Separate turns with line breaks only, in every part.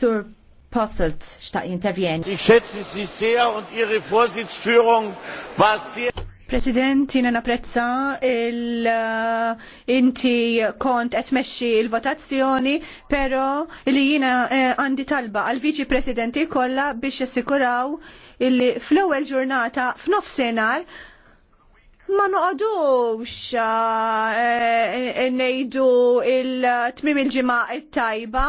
Sur Posselt xtaq jintervjen. Ich schätze Sie
sehr und Ihre Vorsitzführung war sehr President, jina naprezza il uh, inti kont etmexxi il-votazzjoni, pero li jina eh, għandi talba għal viċi presidenti kollha biex jassikuraw illi fl-ewwel ġurnata senar ma noqodux eh, eh nejdu il-tmim il-ġimgħa it-tajba. il eh, tmim il ġimgħa it tajba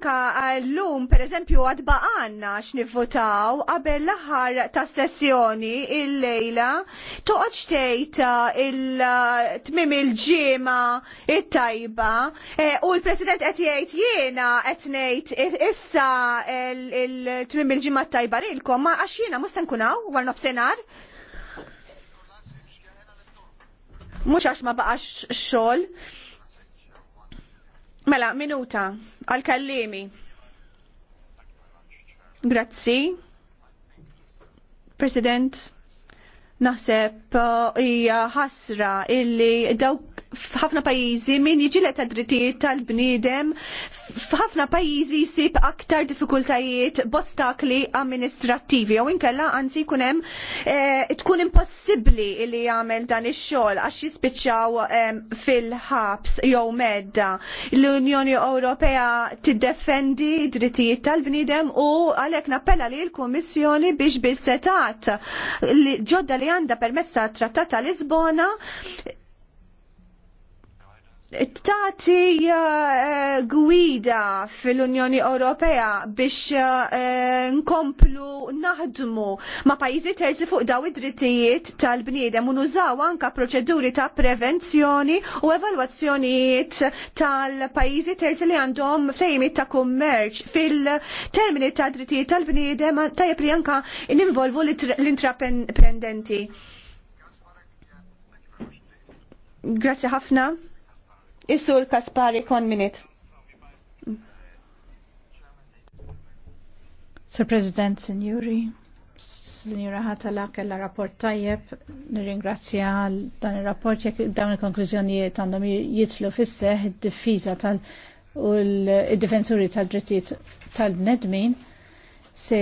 anka l-lum per eżempju għadba għanna x'nivvotaw qabel l-aħħar ta' sessjoni il-lejla toqgħod xtejt eh, il-tmim il-ġiema it-tajba eh, u l-President qed jgħid jiena qed ngħid issa il-tmim il-ġiema tajba lilkom ma għax jiena mhux se nkun hawn war nofsinhar. Mhux għax ma baqax xogħol. Mela, minuta, għal-kallimi. Grazzi. President, naħseb uh, hija ħasra illi dawk f'ħafna pajjiżi min jiġi tad-drittijiet tal-bniedem f'ħafna pajjiżi jsib aktar diffikultajiet b'ostakli amministrattivi jew inkella anzi jkun hemm eh, tkun impossibbli li jagħmel dan ix-xogħol għax jispiċċaw fil-ħabs jew medda. L-Unjoni Ewropea tiddefendi drittijiet tal-bniedem u għalhekk nappella li l-Kummissjoni biex bil-setat ġodda li għandha permezz tat-Trattat ta' Lisbona tati eh, gwida fil-Unjoni Ewropea biex eh, nkomplu naħdmu ma' pajjiżi terzi fuq daw id-drittijiet tal-bniedem u nużaw anka proċeduri ta' prevenzjoni u evalwazzjonijiet tal-pajjiżi terzi li għandhom fejmit ta' kummerċ fil-termini ta' drittijiet tal-bniedem ta' jepri anka ninvolvu l-intraprendenti. Grazie ħafna. Isur Kaspari kon minute.
Sir President, Signori, Signora Hatala, kella rapport tajjeb, nirringrazzja għal dan il-rapport jek dawn il-konklużjonijiet għandhom jitlu fisseħ id-difiża tal- u l-difensuri tal-drittijiet tal-bnedmin. tal drittijiet tal nedmin tal drittijiet tal bnedmin se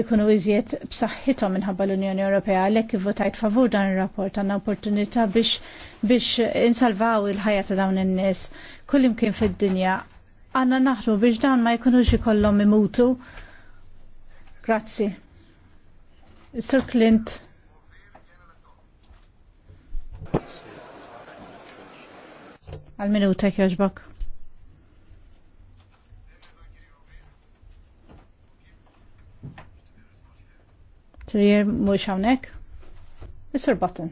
jkunu iżjed b'saħħithom minħabba l-Unjoni Ewropea għalhekk votajt favur dan ir-rapport għandna opportunità biex biex insalvaw il-ħajja ta' dawn in-nies kull imkien fid-dinja għandna naħru biex dawn ma jkunux ikollhom imutu. Grazzi. Sir Clint. Għal-minuta kjoġbok. Trier mux għawnek. Sir Button.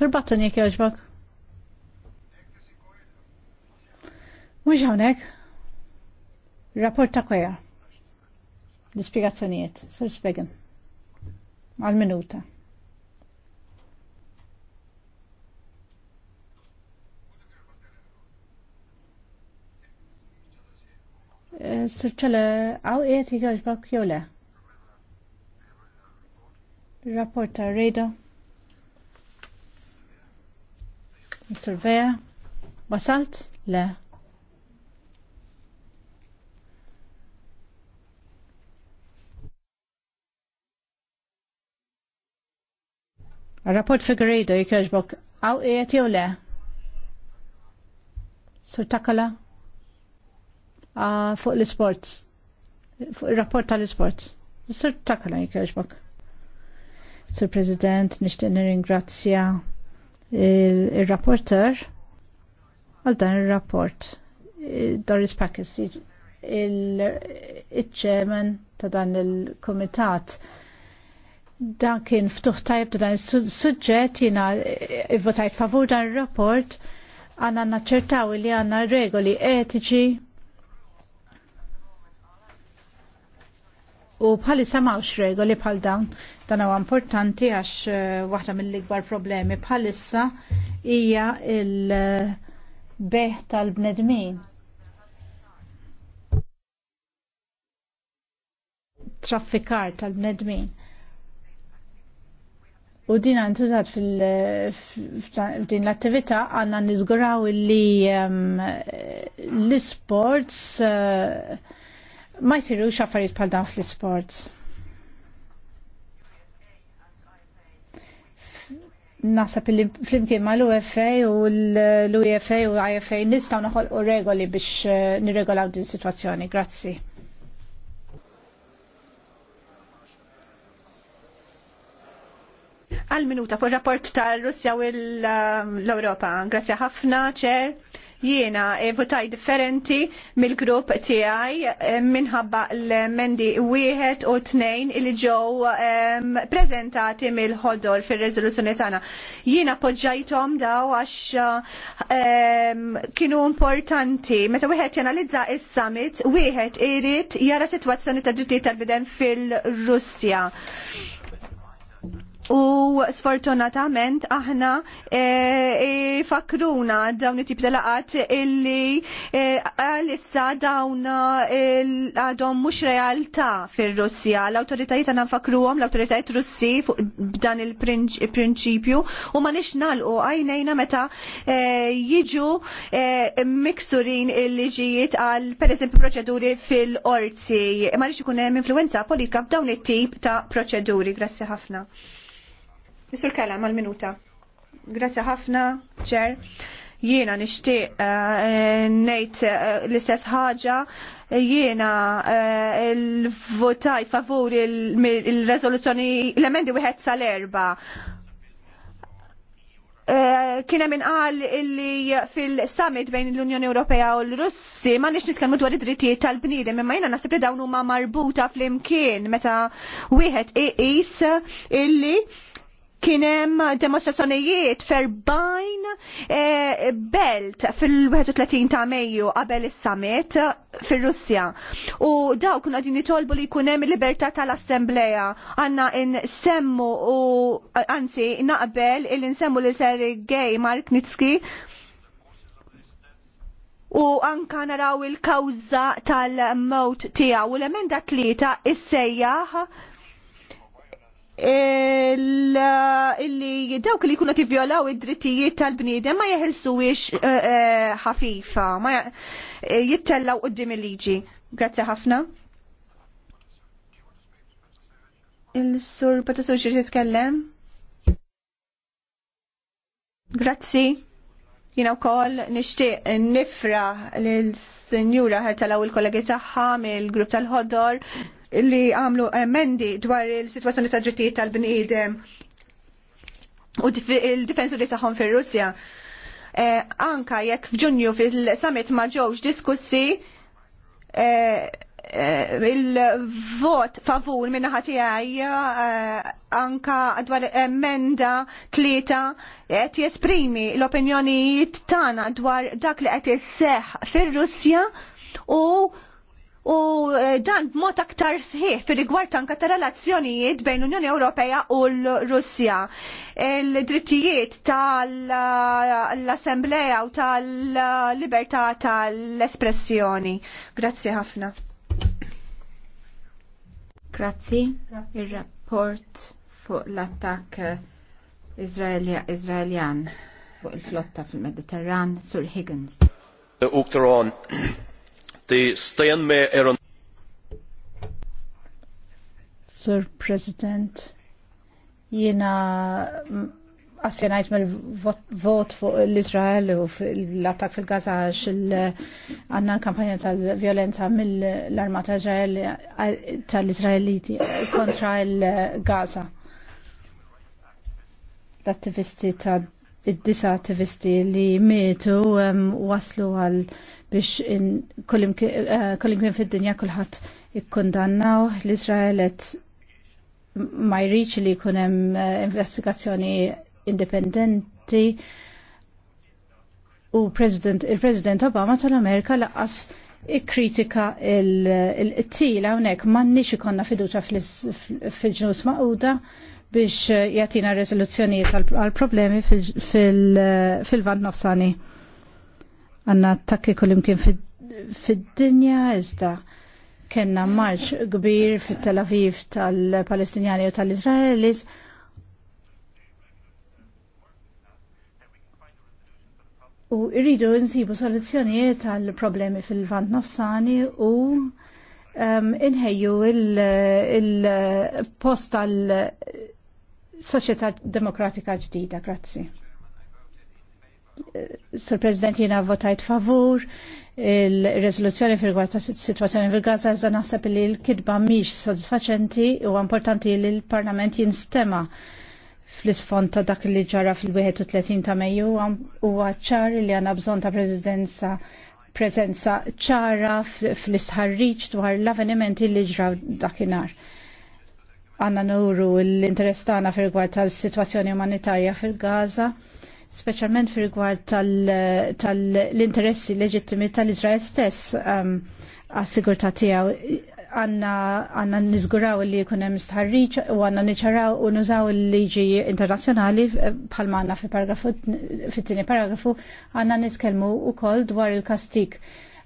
Sir Button jek joġbak. Mux għawnek. Rapport ta' koja. L-spiegazzjonijiet. Sir Spiegel. Għal-minuta. Sirċala, għaw jiet jgħajbak jew Rapporta Rapport ta' rejda. Surveja. Wasalt? Le. Rapport figurejdo jgħajbak għaw jiet jew le? Sirtakala? Sirtakala? Ah, fuq l-sports, fuq il-rapport tal-sports. Sir takala jkerġbak. Sir President, nishtiq nirringrazzja il-rapporter għal dan il-rapport. Eh, Doris Pakis, il-ċemen ta' dan il-komitat dan kien ftuħ tajb ta' dan il-sujġet jina eh, votajt favur dan il-rapport għanna naċċertaw li għanna regoli etiċi U bħalissa mawx regoli bħal dawn dan huwa importanti għax eh, waħda mill-ikbar problemi bħalissa hija il-beħ tal-bnedmin. Traffikar tal-bnedmin. U din għantużat f'din l-attività għanna nizguraw li ehm, l-sports eh, ma jsirux affarijiet bħal dan fl-sports. Nasab fl-imkien ma l-UFA u l-UFA e u IFA nistaw naħol u regoli biex eh, nirregolaw din situazzjoni. Grazzi.
Għal minuta fuq rapport tal-Russja u eh, l-Europa. Grazzi ħafna, ċer. Jiena eh, votaj differenti mill-grupp tiegħi eh, minħabba l-mendi wieħed u tnejn li ġew ehm, preżentati mill-ħodol fir-reżoluzzjoni tagħna. Jiena poġġajthom daw għax ehm, kienu importanti. Meta wieħed janalizza is-summit, wieħed irid jara sitwazzjoni ta' drittijiet tal-bidem fil-Russja u sfortunatament aħna eh, fakruna dawn it-tip ta' laqat illi eh, għalissa dawn eh, għadhom mhux realtà fir-Russja. L-awtoritajiet għandna nfakruhom l-awtoritajiet Russi fuq dan il-prinċipju u ma nix nagħlqu għajnejna meta jiġu miksurin il-liġijiet għal pereżempju proċeduri fil-qorti. Ma nix ikun hemm influwenza politika f'dawn it-tip ta' proċeduri. Grazzi ħafna. Nisur Kella, mal-minuta. Grazie ħafna, ċer. Jiena nishtiq uh, eh, nejt uh, l-istess ħaġa jiena uh, eh, l-votaj favur il-rezoluzzjoni il l-emendi wieħed sal-erba eh, kiena min qal illi fil-summit bejn l-Unjoni Ewropea u l-Russi ma nix nitkellmu dwar id-drittijiet tal-bniedem imma jiena naħseb li dawn huma marbuta fl-imkien meta wieħed iqis illi Kien hemm demonstrazzjonijiet ferbajn eh, belt fil-31 ta' Mejju qabel is-summit fir russja U daw kienu għadin jitolbu li jkun hemm libertà tal-assembleja għandna nsemmu u anzi naqbel il nsemmu li Mark Nitski u anka naraw il-kawża tal-mewt tiegħu u l-emenda tlieta issejjaħ Eh, illi dawk li jkunu tivjolaw id-drittijiet tal-bniedem ma jeħilsuwiex eh, eh, ħafifa, ma jittellaw qudiem il-liġi. Grazzi ħafna. Il-sur Patasu xir titkellem? Grazzi. Jina wkoll nixtieq nifra lil sinjura ħertalaw il-kollegi tagħha mill-grupp tal-ħodor li għamlu emendi dwar il-situazzjoni ta' ġittijiet tal bnidem u il-difensuri tagħhom fir-Russja. Eh, anka jekk f'Ġunju fil-summit ma ġewx diskussi eh, eh, il-vot favur minna ħatijaj anka dwar emenda tlieta qed jesprimi l-opinjonijiet tagħna dwar dak li qed isseħħ fir-Russja u u eh, dan b'mod aktar sħiħ fi rigward anka ta' relazzjonijiet bejn l-Unjoni Ewropea u l-Russja. Il-drittijiet tal-Assemblea u tal-libertà tal-espressjoni. Grazzi ħafna. Grazzi. Il-rapport fuq l-attak eh,
Izraeljan fuq il-flotta fil-Mediterran, Sur Higgins.
Sir
President, jiena me mill-vot fuq l-Izrael u l-attak fil-Gaza xil għanna kampanja tal-violenza mill-armata tal-Izraeliti kontra l-Gaza. L-attivisti ta' id-disa attivisti li mietu waslu għal biex kollim eh, kien fid-dinja kulħadd ikkondannaw l-Izrael et ma jriċ li jkun hemm eh, investigazzjoni indipendenti u il-President Obama tal-Amerika laqas ikkritika il-tila hawnhekk m'għandniex ikonna fiduċa fil-ġnus maquda biex eh, jatina rezoluzzjonijiet tal problemi fil-vant nofsani għanna attakki kullimkien fid-dinja iżda kena marċ kbir fit-Tel Aviv tal-Palestinjani u tal-Izraelis. U irridu nsibu soluzzjonijiet għal problemi fil-vant nofsani u um, inħejju il-post il, il għal soċjetà demokratika ġdida. Grazzi. Sur President jina votajt favur il-rezoluzzjoni fil ta' situazzjoni fil-Gaza iżda naħseb li l-kidba mhix sodisfaċenti u importanti li l-Parlament jinstema fl-isfond ta' dak li ġara fil-31 ta' Mejju u ċar li għandna bżonn ta' prezidenza prezenza ċara fl-istħarriġ dwar l-avvenimenti li ġraw dakinhar. Għanna nuru l-interess tagħna fil gwarta situazzjoni sitwazzjoni umanitarja fil-Gaza specialment fi rigward tal-interessi tal leġittimi tal-Izrael stess għas-sigurta um, tijaw għanna għanna nizguraw li hemm stħarriċ u għanna niċaraw u nużaw l-liġi internazjonali eh, bħal għanna fi paragrafu, fi tini paragrafu għanna nitkelmu u koll dwar il-kastik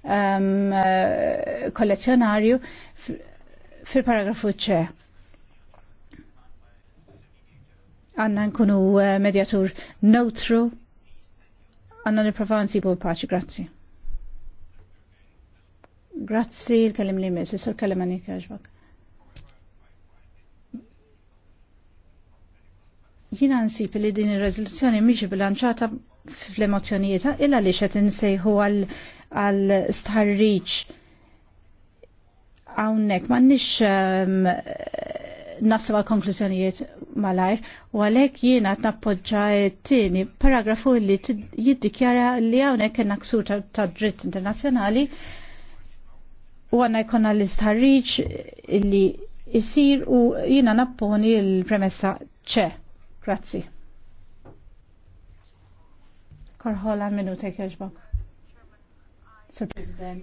um, eh, kollezzjonarju fil-paragrafu ċe għanna nkunu eh, medjatur neutru, għanna niprofa nsibu l-paċi, grazzi. Grazzi l-kellim li mis, jessur sur kellim għani kħaġbak. Jina nsib li din il-rezoluzzjoni miex bilanċata fl emozjonijieta illa li xet nsejħu għal starriċ għawnek, ma nix naslu għal konklużjonijiet malajr u għalek jiena t nappoġġa t-tini paragrafu li jiddikjara li għawnek kena ksur ta' dritt internazjonali u għanna jkonna l istarriċ li jisir u jiena napponi l-premessa ċe. Grazzi. Korħola minutek jaġbak.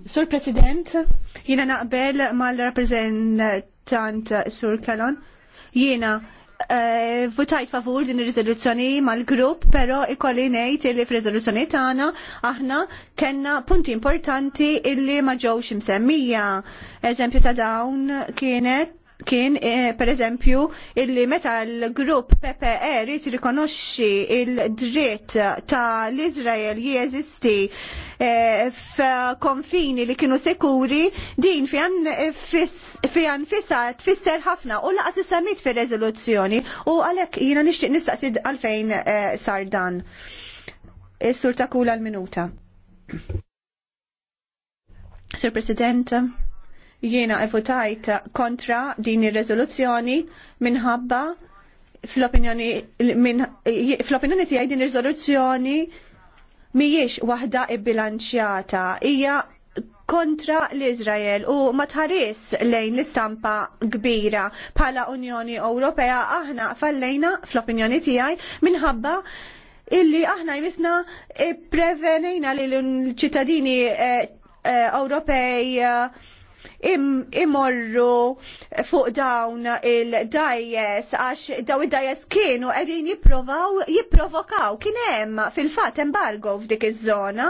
Sur President. jina jiena naqbel mal-rappresentant Sur Kalon. Jiena Uh, eh, votajt favur din ir-riżoluzzjoni mal-grupp, pero ikolli ngħid li f'riżoluzzjoni tagħna aħna kellna punti importanti illi ma ġewx imsemmija. Eżempju ta' dawn kienet kien eh, per eżempju illi meta l-grupp PPE rrit rikonoxxi il-dritt ta' l-Izrael jeżisti eh, f'konfini li kienu sekuri din fjan eh, fissa tfisser ħafna u laqas issamit fir rezoluzzjoni u għalhekk jiena nixtieq nistaqsi għalfejn sar dan. Is-sur ta' kula l-minuta. Sir President, jiena votajt kontra din ir-riżoluzzjoni minħabba fl-opinjoni tiegħi din ir-riżoluzzjoni mhijiex waħda ibbilanċjata, hija kontra l-Izrael u ma tħares lejn l-istampa kbira bħala Unjoni Ewropea aħna fallejna fl-opinjoni tiegħi minħabba illi aħna jmisna prevenejna li l-ċittadini eh, eh, Ewropej eh, im imorru fuq dawn il-dajes għax daw id-dajes kienu qegħdin jipprovaw jipprovokaw kien hemm fil-fatt embargo f'dik iż-żona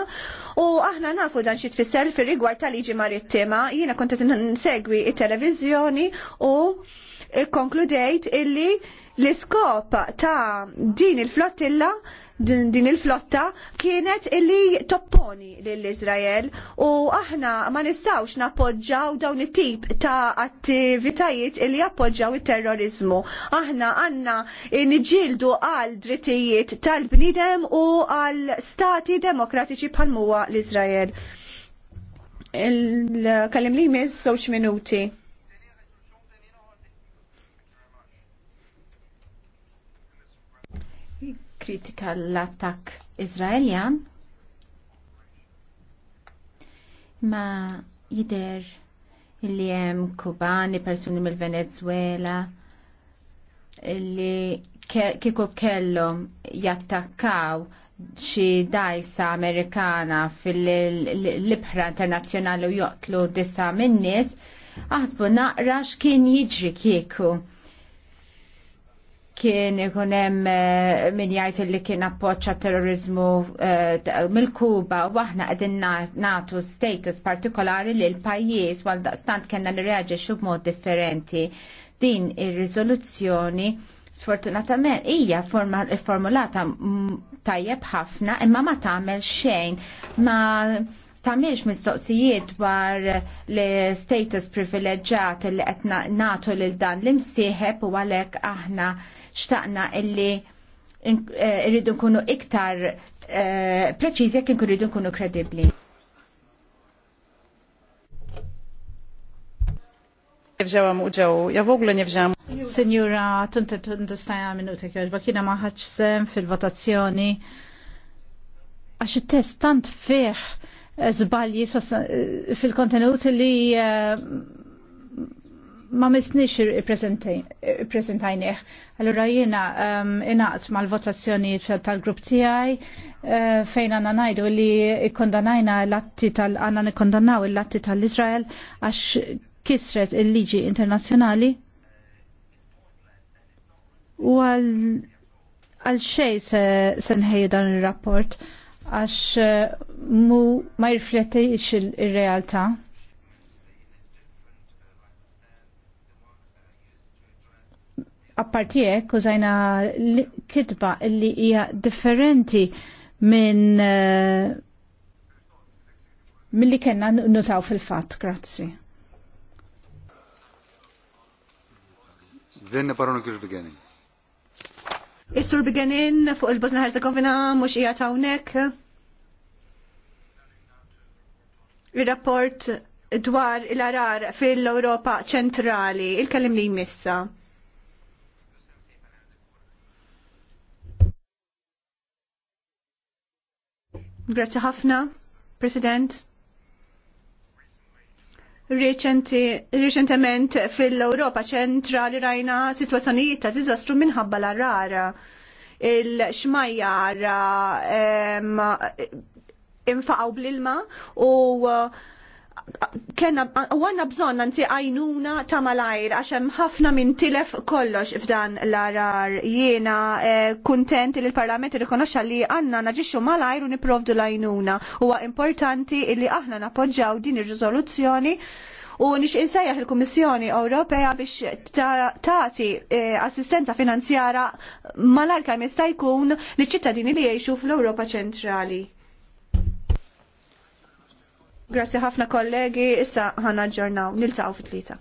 u aħna nafu dan xi tfisser fir-rigward tal-liġi marittima jiena kont qed nsegwi it-televiżjoni u konkludejt illi l-iskop ta' din il-flottilla din il-flotta kienet illi topponi lill-Izrael u aħna ma nistawx nappoġġaw dawn it-tip ta' attivitajiet illi jappoġġaw it-terrorizmu. Aħna għanna niġildu għal drittijiet tal-bnidem u għal stati demokratiċi bħal muwa l-Izrael. Il-kallim li jmiss żewġ minuti. kritika
l-attak Izraeljan ma jider li jem kubani, persuni mill-Venezuela li kieku kellhom jattakkaw xi dajsa Amerikana fil-libħra internazzjonali u joqtlu disa min-nies, aħsbu naqra x'kien jiġri kieku kien ikun hemm eh, min jgħid li kien appoċċa terrorizmu eh, mill-Kuba u aħna qegħdin nagħtu status partikolari li l pajjiż għal daqstant kellna xub b'mod differenti. Din ir-riżoluzzjoni sfortunatament hija formulata tajjeb ħafna imma ma tagħmel xejn ma tamilx mistoqsijiet dwar l-status privileġġat li qed nagħtu lil dan l-imsieħeb u għalhekk aħna xtaqna illi eh, irridu nkunu iktar eh, preċiżi jekk inkun irridu nkunu kredibbli.
nie wzięłam udziału. Ja w ogóle nie wzięłam. bakina maħħaċ sem fil-votazzjoni. Għax il-test tant fih e, zbalji e, fil-kontenut li e, ma misnix prezentajnieħ. Allura jena um, inaqt mal-votazzjoni tal-grupp tijaj uh, fejn għanna najdu li ikkondanajna l-atti tal- għanna nikondannaw l-atti tal-Izrael għax kisret il-liġi internazjonali u għal xej senħeju dan il-rapport għax uh, mu ma jirfletti il-realta. il il realtà appartijek użajna kitba li hija differenti minn eh, min li kena nużaw fil-fat, grazzi. Venna paronu kif beginning.
Is-sur beginning fuq il-Bosna Herzegovina mhux hija hawnhekk. Ir-rapport dwar il-arar fil-Ewropa ċentrali, il-kellim li jmissa. Grazzi ħafna, President. Reċentement fil-Europa ċentrali rajna situazzjonijiet ta' diżastru minħabba l-arrara. Il-xmajjar ehm, infaqaw bl-ilma u kena u għanna bżon nanti għajnuna ta' malajr għaxem ħafna minn tilef kollox f'dan l-arar jiena eh, kontent li l-parlament rikonoxa li għanna naġiċu malajr u niprovdu l-għajnuna huwa importanti li aħna napoġġaw din ir-rizoluzzjoni u nix insajja il komissjoni Ewropea biex tagħti eh, assistenza finanzjara mal-arka jista' jkun liċ ċittadini li jgħixu fl-Ewropa ċentrali. Grazzi ħafna kollegi, issa ħana ġurnaw, nil taw fit tlieta